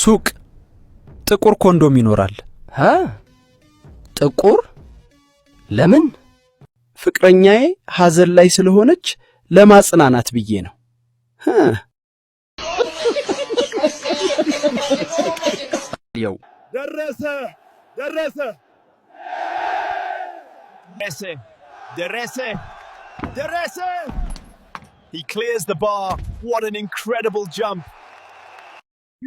ሱቅ ጥቁር ኮንዶም ይኖራል። ጥቁር ለምን? ፍቅረኛዬ ሐዘን ላይ ስለሆነች ለማጽናናት ብዬ ነው። ያው ደረሰ ደረሰ ደረሰ ደረሰ ደረሰ He clears the bar. What an incredible jump.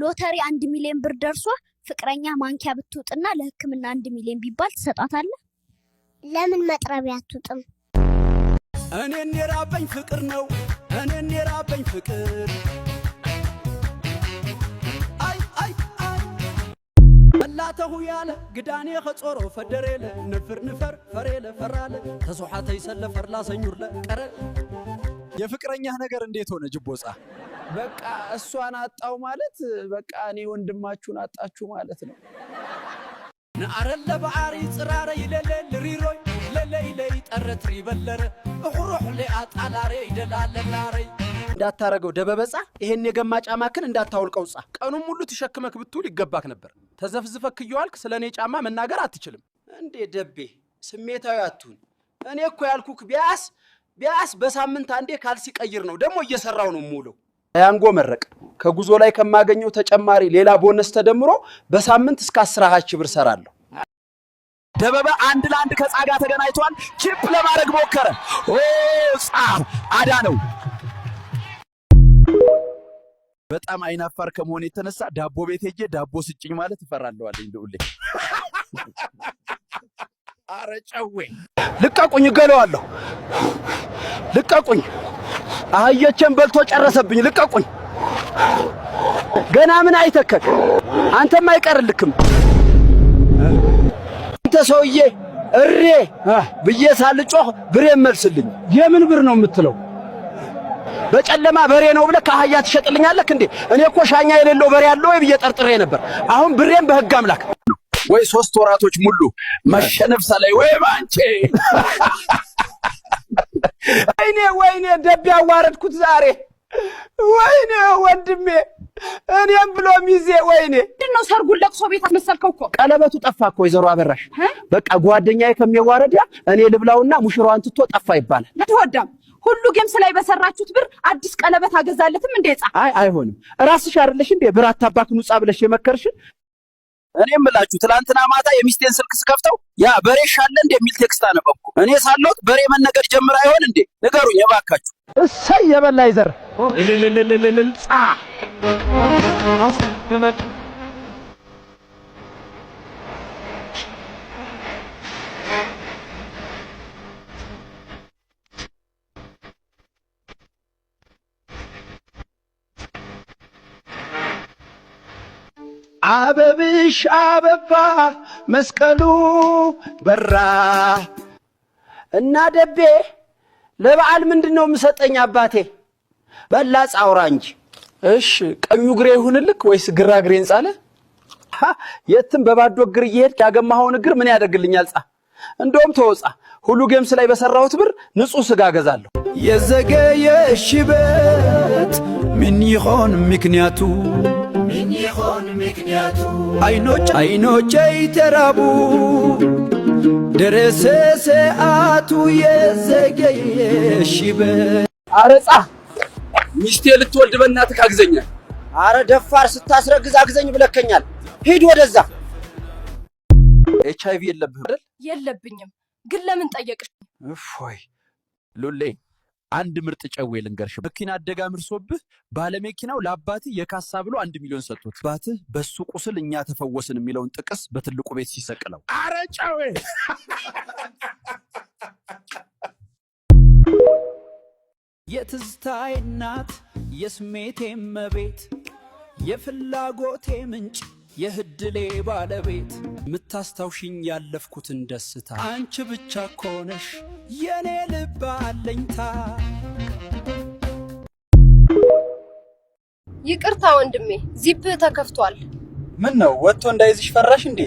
ሎተሪ አንድ ሚሊዮን ብር ደርሷ ፍቅረኛ ማንኪያ ብትውጥና ለሕክምና አንድ ሚሊዮን ቢባል ትሰጣታለህ? ለምን መጥረቢያ አትውጥም? እኔን የራበኝ ፍቅር ነው። እኔን የራበኝ ፍቅር አይ መላተሁ ያለ ግዳኔ ኸጾሮ ፈደሬለ ንፍር ንፈር ፈሬለ ፈራለ ተሶሓተይ ሰለ ፈርላ ሰኙር ለቀረ የፍቅረኛህ ነገር እንዴት ሆነ ጅቦፃ? በቃ እሷን አጣው ማለት በቃ እኔ ወንድማችሁን አጣችሁ ማለት ነው። ነአረ በዓሪ ጽራረ ይለለ ንሪሮይ ለለይለይ ጠረት ይበለረ እሑሩሕ ሌኣጣላሬ ይደላለላረይ እንዳታረገው ደበበፃ ይሄን የገማ ጫማክን እንዳታውልቀው ፃ ቀኑም ሙሉ ትሸክመክ ብትውል ይገባክ ነበር። ተዘፍዝፈክ እየዋልክ ስለ እኔ ጫማ መናገር አትችልም እንዴ ደቤ። ስሜታዊ አትሁን። እኔ እኮ ያልኩክ ቢያስ ቢያስ በሳምንት አንዴ ካልሲ ቀይር ነው። ደግሞ እየሰራው ነው የምውለው ያንጎ መረቅ ከጉዞ ላይ ከማገኘው ተጨማሪ ሌላ ቦነስ ተደምሮ በሳምንት እስከ 10 ሺህ ብር ሰራለሁ። ደበበ አንድ ለአንድ ከጻጋ ተገናኝቷል። ቺፕ ለማድረግ ሞከረ። ኦ አዳ ነው። በጣም አይናፋር ከመሆን የተነሳ ዳቦ ቤት ሄጄ ዳቦ ስጭኝ ማለት እፈራለዋለኝ። ልዑሌ አረጨዌ ልቀቁኝ፣ እገለዋለሁ። ልቀቁኝ አህዮቼን በልቶ ጨረሰብኝ። ልቀቁኝ። ገና ምን አይተከክ አንተም አይቀርልክም። አንተ ሰውዬ እሬ ብዬ ሳልጮህ ብሬ መልስልኝ። የምን ብር ነው የምትለው? በጨለማ በሬ ነው ብለህ ከአህያ ትሸጥልኛለህ እንዴ? እኔ እኮ ሻኛ የሌለው በሬ ያለው ወይ ብዬ ጠርጥሬ ነበር። አሁን ብሬም በህግ አምላክ ወይ ሶስት ወራቶች ሙሉ መሸነፍ ሰላይ ወይ ባንቼ ወይኔ ወይኔ ደብ ያዋረድኩት ዛሬ ወይኔ ወንድሜ እኔም ብሎ ሚዜ ወይኔ ምንድነው ሰርጉን ለቅሶ ቤት አስመሰልከው እኮ ቀለበቱ ጠፋ እኮ ወይዘሮ አበራሽ በቃ ጓደኛዬ ከሚዋረድ ያ እኔ ልብላውና ሙሽራዋን ትቶ ጠፋ ይባላል ትወዳም ሁሉ ጌምስ ላይ በሰራችሁት ብር አዲስ ቀለበት አገዛለትም እንዴ ጻ አይ አይሆንም ራስሽ አይደለሽ እንዴ ብር አታባክኑ ጻ ብለሽ የመከርሽን እኔም ብላችሁ ትላንትና ማታ የሚስቴን ስልክ ስከፍተው ያ በሬሽ አለ ሻለ እንደሚል ቴክስት አነበብኩ እኔ ሳለሁት በሬ መነገድ ጀምር አይሆን እንዴ? ንገሩኝ የባካችሁ። እሰይ የበላ ይዘር አበብሽ አበባ መስቀሉ በራ እና ደቤ ለበዓል ምንድን ነው የምሰጠኝ? አባቴ በላጽ አውራ እንጂ። እሽ ቀኙ እግሬ ይሁንልክ ወይስ ግራ እግሬን ጻለ? የትም በባዶ እግር እየሄድ ያገማኸውን እግር ምን ያደርግልኛል? ጻ እንደውም ተወጻ ሁሉ ጌምስ ላይ በሰራሁት ብር ንጹህ ስጋ ገዛለሁ። የዘገየ ሽበት ምን ይሆን ምክንያቱ? ምን ምክንያቱ? አይኖቼ ተራቡ ደረሰ ሰዓቱ የዘገየሽ አረጻ ሚስቴ ልትወልድ በእናትህ አግዘኛል። አረ ደፋር ስታስረግዝ አግዘኝ ብለከኛል። ሂድ ወደዛ። ኤች አይቪ የለብህም አይደል? የለብኝም። ግን ለምን ጠየቅሽ? እፎይ ሉሌ አንድ ምርጥ ጨዌ ልንገርሽ፣ መኪና አደጋ ምርሶብህ ባለመኪናው ለአባትህ የካሳ ብሎ አንድ ሚሊዮን ሰጥቶት አባትህ በሱ ቁስል እኛ ተፈወስን የሚለውን ጥቅስ በትልቁ ቤት ሲሰቅለው አረ ጨዌ የትዝታዬ እናት የስሜቴ መቤት የፍላጎቴ ምንጭ የህድሌ ባለቤት ምታስታውሽኝ ያለፍኩትን ደስታ አንቺ ብቻ ከሆነሽ የኔ ልብ አለኝታ። ይቅርታ ወንድሜ፣ ዚፕ ተከፍቷል። ምን ነው ወጥቶ እንዳይዝሽ ፈራሽ እንዴ?